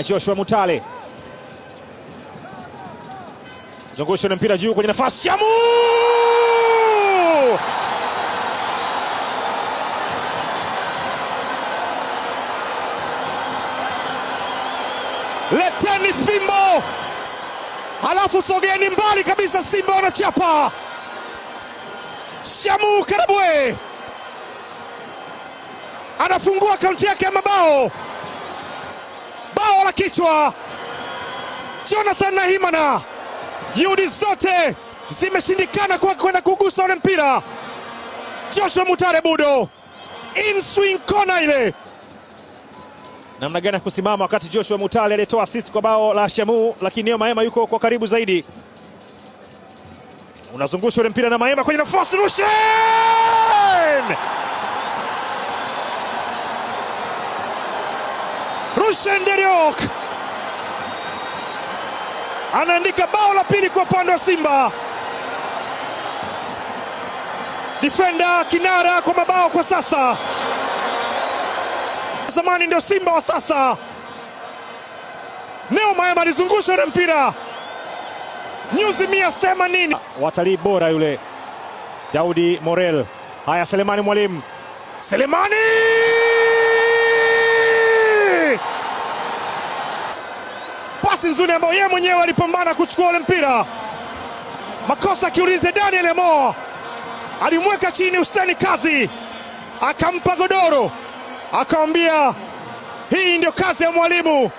Joshua Mutale zungusho na mpira juu kwenye nafasi Shamu Leteni fimbo halafu sogeni mbali kabisa, Simba wanachapa. Shamu Karabwe anafungua kaunti yake ya mabao bao la kichwa. Jonathan Nahimana, juhudi zote zimeshindikana kwa kwenda kugusa ule mpira. Joshua Mutare Budo, in swing kona ile namna gani ya kusimama wakati Joshua Mutale aliyetoa assist kwa bao la Shamu, lakini Neo Maema yuko kwa karibu zaidi, unazungusha ule mpira na Maema kwenye nafasi, Rushen Rushen Deriok anaandika bao la pili kwa upande wa Simba. Difenda kinara kwa mabao kwa sasa, zamani ndio Simba wa sasa. Neo Maema alizungushwa na mpira nyuzi mia themanini. Watalii bora yule Daudi Morel. Haya, Selemani Mwalimu, Selemani pasi nzuri ambayo yeye mwenyewe alipambana kuchukua ule mpira. Makosa akiulize Daniel Emo alimweka chini Huseni Kazi akampa godoro, akamwambia hii ndio kazi ya mwalimu.